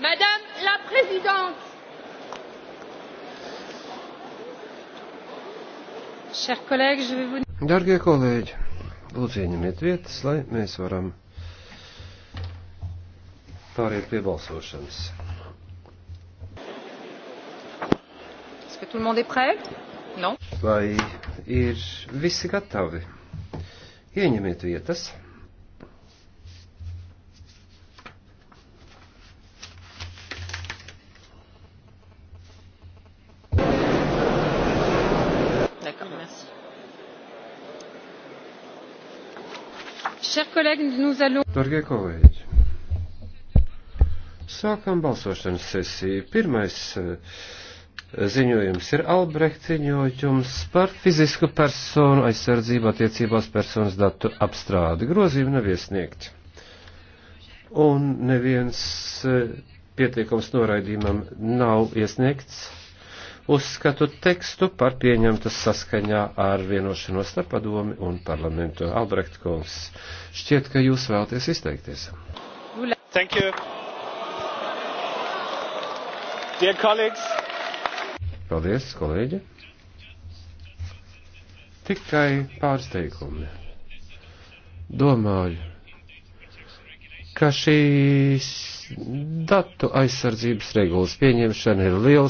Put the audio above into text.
Madame la Présidente, Darbie kolēģi, lūdzu ieņemiet vietas, lai mēs varam pāriet pie balsošanas. Vai ir visi gatavi? Ieņemiet vietas. Dargie kolēģi, sākam balsošanas sesiju. Pirmais eh, ziņojums ir Albrecht ziņojums par fizisku personu aizsardzību attiecībās personas datu apstrādi. Grozījumi nav iesniegti. Un neviens eh, pieteikums noraidījumam nav iesniegts. Uzskatu tekstu par pieņemtas saskaņā ar vienošanos starp padomi un parlamentu. Albrecht kungs, šķiet, ka jūs vēlaties izteikties. Thank you. Dear colleagues. Paldies, kolēģi. Tikai pārsteigumi. Domāju, ka šīs datu aizsardzības regulas pieņemšana ir liels